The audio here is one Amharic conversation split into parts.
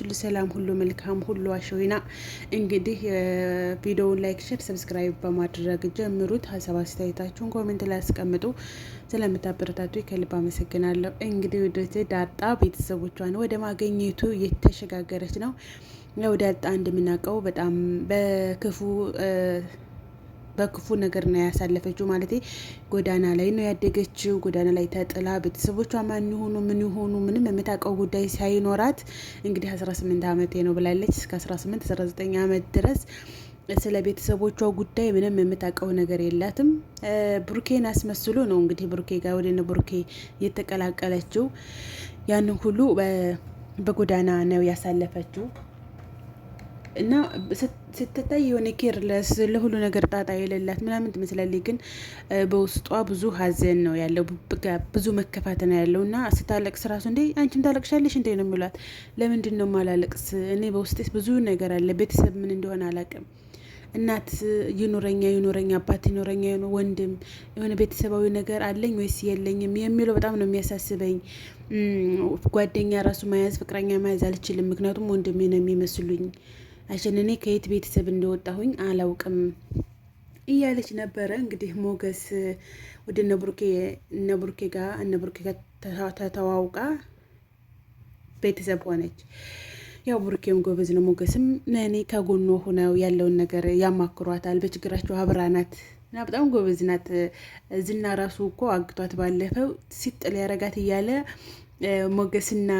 ሁሉ ሰላም ሁሉ መልካም ሁሉ አሸዊና እንግዲህ ቪዲዮውን ላይክ፣ ሼር፣ ሰብስክራይብ በማድረግ ጀምሩት። ሀሳብ አስተያየታችሁን ኮሜንት ላይ አስቀምጡ። ስለምታበረታቱ ከልብ አመሰግናለሁ። እንግዲህ ወደት ዳጣ ቤተሰቦቿን ወደ ማገኘቱ የተሸጋገረች ነው። ያው ዳጣ እንደምናውቀው በጣም በክፉ በክፉ ነገር ነው ያሳለፈችው። ማለት ጎዳና ላይ ነው ያደገችው። ጎዳና ላይ ተጥላ ቤተሰቦቿ ማን ይሆኑ ምን ይሆኑ ምንም የምታውቀው ጉዳይ ሳይኖራት እንግዲህ 18 ዓመቴ ነው ብላለች። እስከ 18 19 ዓመት ድረስ ስለ ቤተሰቦቿ ጉዳይ ምንም የምታውቀው ነገር የላትም። ብሩኬን አስመስሎ ነው እንግዲህ ብሩኬ ጋር ወደ ብሩኬ የተቀላቀለችው። ያንን ሁሉ በጎዳና ነው ያሳለፈችው። እና ስትታይ የሆነ ኬርለስ ለሁሉ ነገር ጣጣ የሌላት ምናምን ትመስላለች፣ ግን በውስጧ ብዙ ሀዘን ነው ያለው፣ ብዙ መከፋት ነው ያለው። እና ስታለቅስ ራሱ እንዴ አንቺም ታለቅሻለሽ እንዴ ነው የሚሏት። ለምንድን ነው ማላለቅስ? እኔ በውስጤስ ብዙ ነገር አለ። ቤተሰብ ምን እንደሆነ አላቅም። እናት ይኑረኛ ይኑረኛ፣ አባት ይኑረኛ፣ ወንድም የሆነ ቤተሰባዊ ነገር አለኝ ወይስ የለኝም የሚለው በጣም ነው የሚያሳስበኝ። ጓደኛ ራሱ መያዝ፣ ፍቅረኛ መያዝ አልችልም፣ ምክንያቱም ወንድሜ ነው የሚመስሉኝ። እኔ ከየት ቤተሰብ እንደወጣሁኝ አላውቅም እያለች ነበረ። እንግዲህ ሞገስ ወደ ነቡርኬ ነቡርኬ ጋር ነቡርኬ ጋር ተተዋውቃ ቤተሰብ ሆነች። ያው ቡርኬም ጎበዝ ነው። ሞገስም እኔ ከጎኖ ሆነው ያለውን ነገር ያማክሯታል። በችግራቸው አብራ ናት እና በጣም ጎበዝ ናት። ዝና ራሱ እኮ አግቷት ባለፈው ሲጥል ያረጋት እያለ ሞገስና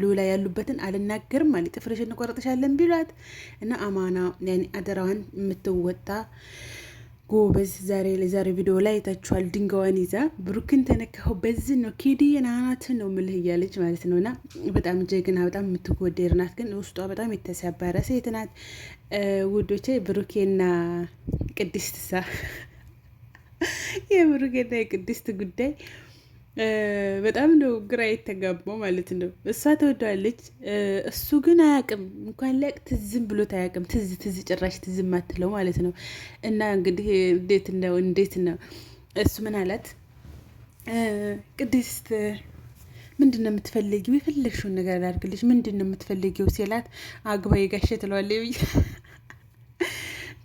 ሉላ ያሉበትን አልናገርም አለ ጥፍርሽ እንቆረጥሻለን ቢሏት እና አማና ያኔ አደራዋን የምትወጣ ጎበዝ ዛሬ ለዛሬ ቪዲዮ ላይ የታችኋል። ድንጋዋን ይዛ ብሩክን ተነካኸው በዚህ ነው ኬዲ የናናትን ነው ምልህ እያለች ማለት ነው እና በጣም ጀግና በጣም የምትወደድ ናት፣ ግን ውስጧ በጣም የተሰበረ ሴት ናት። ውዶቼ ብሩኬና ቅድስት ሳ የብሩኬና የቅድስት ጉዳይ በጣም ነው ግራ የተጋባው ማለት ነው። እሷ ተወደዋለች፣ እሱ ግን አያቅም እንኳን ሊያውቅ ትዝም ብሎት አያቅም ትዝ ትዝ ጭራሽ ትዝ ማትለው ማለት ነው። እና እንግዲህ እንዴት ነው እንዴት ነው እሱ ምን አላት ቅድስት ምንድን ነው የምትፈልጊው? የፈለግሽውን ነገር አድርግልሽ። ምንድን ነው የምትፈልጊው ሲላት አግባይ ጋሼ ትለዋለች።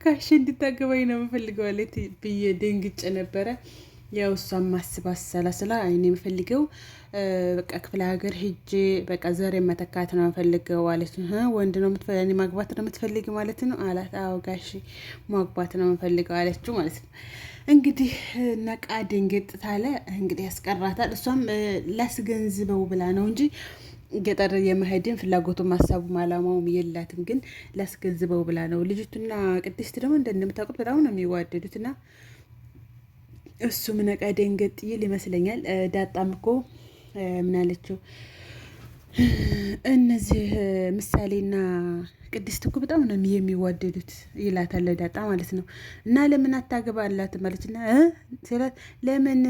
ጋሼ እንድታገባኝ ነው የምፈልገዋለች ብዬ ደንግጬ ነበረ። ያው እሷም ማስባት ሰላስላ እኔ የምፈልገው በቃ ክፍለ ሀገር ሄጄ በቃ ዘር መተካት ነው የምፈልገው ማለት ነው። ወንድ ነው እኔ ማግባት ነው የምትፈልግ ማለት ነው አላት። አዎ ጋሽ ማግባት ነው የምፈልገው አለችው ማለት ነው። እንግዲህ ነቃ ድንግጥ ታለ። እንግዲህ ያስቀራታል። እሷም ላስገንዝበው ብላ ነው እንጂ ገጠር የመሄድን ፍላጎቱም ሀሳቡም አላማውም የላትም። ግን ላስገንዝበው ብላ ነው። ልጅቱና ቅድስት ደግሞ እንደምታውቁት በጣም ነው የሚዋደዱትና እሱም ነቃ ደንገጥ ይል ይመስለኛል። ዳጣም እኮ ምን አለችው? እነዚህ ምሳሌና ቅድስት እኮ በጣም ነው የሚዋደዱት ይላታል ለዳጣ ማለት ነው። እና ለምን አታገባላት ማለት ና ስላት ለምን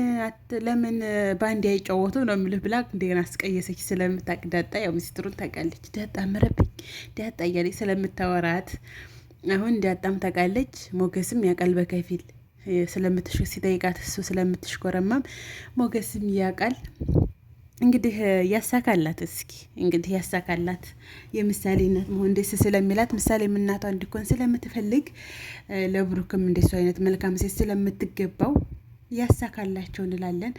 ለምን በአንድ አይጫወቱ ነው የምልህ ብላ እንደገና አስቀየሰች ስለምታቅ ዳጣ ያው ሚስጥሩን ታውቃለች። ዳጣ ምረብኝ ዳጣ እያለች ስለምታወራት አሁን ዳጣም ታውቃለች፣ ሞገስም ያውቃል በከፊል ስለምትሽ ሲጠይቃት እሱ ስለምትሽኮረማም ሞገስም ያውቃል። እንግዲህ ያሳካላት፣ እስኪ እንግዲህ ያሳካላት። የምሳሌ እናት መሆን ደስ ስለሚላት ምሳሌ እናቷ እንዲኮን ስለምትፈልግ ለብሩክም እንደሱ አይነት መልካም ሴት ስለምትገባው ያሳካላቸው እንላለን።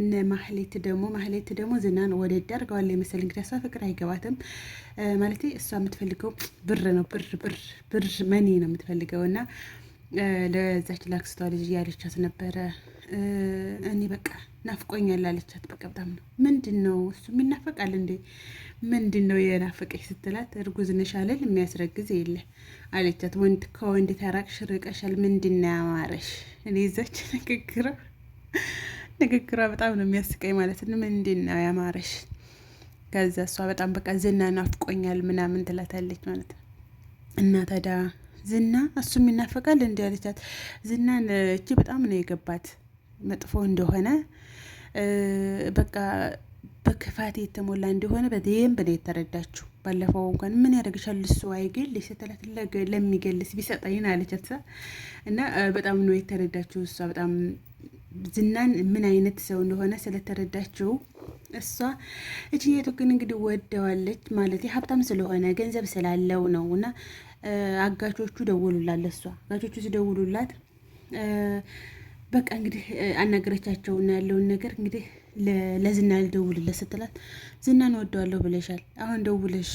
እነ ማህሌት ደግሞ ማህሌት ደግሞ ዝናን ወደድ አድርገዋል የመሰል እንግዲህ እሷ ፍቅር አይገባትም ማለት እሷ የምትፈልገው ብር ነው። ብር ብር ብር መኔ ነው የምትፈልገው እና ለዛች ላክስቷ ልጅ ያለቻት ነበረ። እኔ በቃ ናፍቆኛል አለቻት። በቃ በጣም ነው ምንድን ነው እሱ የሚናፈቃል እንዴ? ምንድን ነው የናፈቀሽ ስትላት፣ እርጉዝ ነሽ አለን የሚያስረግዝ የለ አለቻት። ወንድ ከወንድ ተራቅሽ ርቀሻል፣ ምንድን ነው ያማረሽ? እኔ ዛች ንግግሯ ንግግሯ በጣም ነው የሚያስቀኝ ማለት ነው። ምንድን ነው ያማረሽ? ከዛ እሷ በጣም በቃ ዝና ናፍቆኛል ምናምን ትላታለች ማለት ነው እና ታዲያ ዝና እሱም ይናፈቃል እንዲ ያለቻት ዝናን እቺ በጣም ነው የገባት መጥፎ እንደሆነ በቃ በክፋት የተሞላ እንደሆነ በደንብ ነው የተረዳችው። ባለፈው እንኳን ምን ያደርግሻል እሱ አይገልሽ ስትላት ለሚገልስ ቢሰጠኝን አለቻት እና በጣም ነው የተረዳችው እሷ በጣም ዝናን ምን አይነት ሰው እንደሆነ ስለተረዳችው እሷ እችዬቱ ግን እንግዲህ ወደዋለች ማለት ሀብታም ስለሆነ ገንዘብ ስላለው ነው እና አጋቾቹ ደወሉላት። ለሷ አጋቾቹ ሲደውሉላት በቃ እንግዲህ አናገረቻቸው እና ያለውን ነገር እንግዲህ ለዝና ልደውልለት ስትላት ዝናን ወደዋለሁ ብለሻል። አሁን ደውለሽ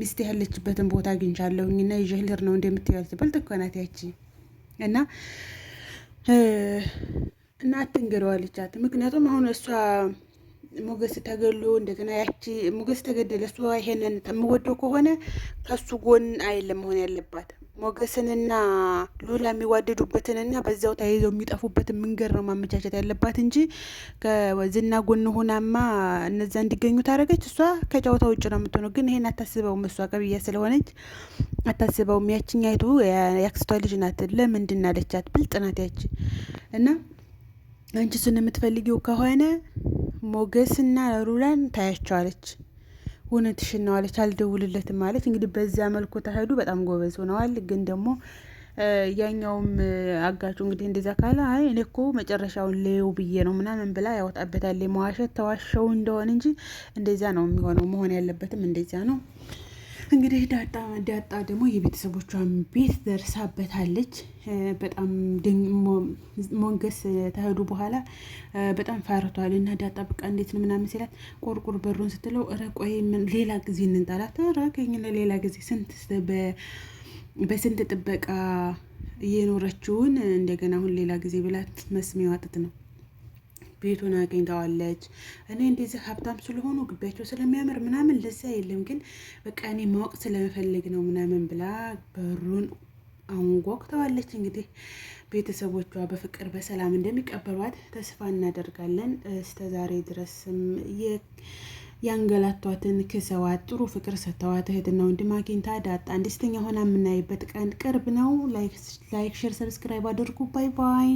ሚስት ያለችበትን ቦታ አግኝቻለሁኝ እና ይዤ ነው እንደምትያል ትበል ትኮናት ያቺ እና እና አትንገረዋለቻት ምክንያቱም አሁን እሷ ሞገስ ተገሎ እንደገና ያቺ ሞገስ ተገደለ እሷ ይሄንን የምወደው ከሆነ ከሱ ጎን አይለም መሆን ያለባት። ሞገስንና ሉላ የሚዋደዱበትንና በዚያው ተያይዘው የሚጠፉበትን መንገድ ነው ማመቻቸት ያለባት እንጂ ከዝና ጎን ሆናማ እነዛ እንዲገኙ ታደረገች። እሷ ከጨዋታ ውጭ ነው የምትሆነው። ግን ይሄን አታስበውም። እሷ ቀብያ ስለሆነች አታስበውም። ያችኛይቱ የአክስቷ ልጅ ናት። ለምንድን አለቻት? ብልጥ ናት እና አንቺ እሱን የምትፈልጊው ከሆነ ሞገስና ሩላን ታያቸዋለች። እውነትሽን ነው አለች። አልደውልለትም አለች። እንግዲህ በዛ መልኩ ተሄዱ። በጣም ጎበዝ ሆነዋል። ግን ደግሞ ያኛውም አጋጩ እንግዲህ እንደዛ ካለ አይ እኔ እኮ መጨረሻውን ሌው ብዬ ነው ምናምን ብላ ያወጣበታል። መዋሸት ተዋሸው እንደሆነ እንጂ እንደዛ ነው የሚሆነው። መሆን ያለበትም እንደዚያ ነው። እንግዲህ ዳጣ ዳጣ ደግሞ የቤተሰቦቿን ቤት ደርሳበታለች። በጣም ሞገስ ተሄዱ በኋላ በጣም ፈርቷል እና ዳጣ በቃ እንዴት ነው ምናምን ሲላት ቆርቁር በሩን ስትለው ኧረ ቆይ ሌላ ጊዜ እንንጣላት ራከኝና ሌላ ጊዜ ስንት በስንት ጥበቃ እየኖረችውን እንደገና አሁን ሌላ ጊዜ ብላት መስሜ ዋጥት ነው ቤቱን አገኝተዋለች። እኔ እንደዚህ ሀብታም ስለሆኑ ግቢያቸው ስለሚያምር ምናምን ለዛ የለም ግን በቃ እኔ ማወቅ ስለመፈለግ ነው ምናምን ብላ በሩን አንጓጉተዋለች። እንግዲህ ቤተሰቦቿ በፍቅር በሰላም እንደሚቀበሏት ተስፋ እናደርጋለን። እስከ ዛሬ ድረስም ያንገላቷትን ክሰዋት ጥሩ ፍቅር ሰጥተዋት እህትና ወንድም አግኝታ ዳጣ ደስተኛ ሆና የምናይበት ቀን ቅርብ ነው። ላይክ፣ ሼር፣ ሰብስክራይብ አድርጉ። ባይ ባይ።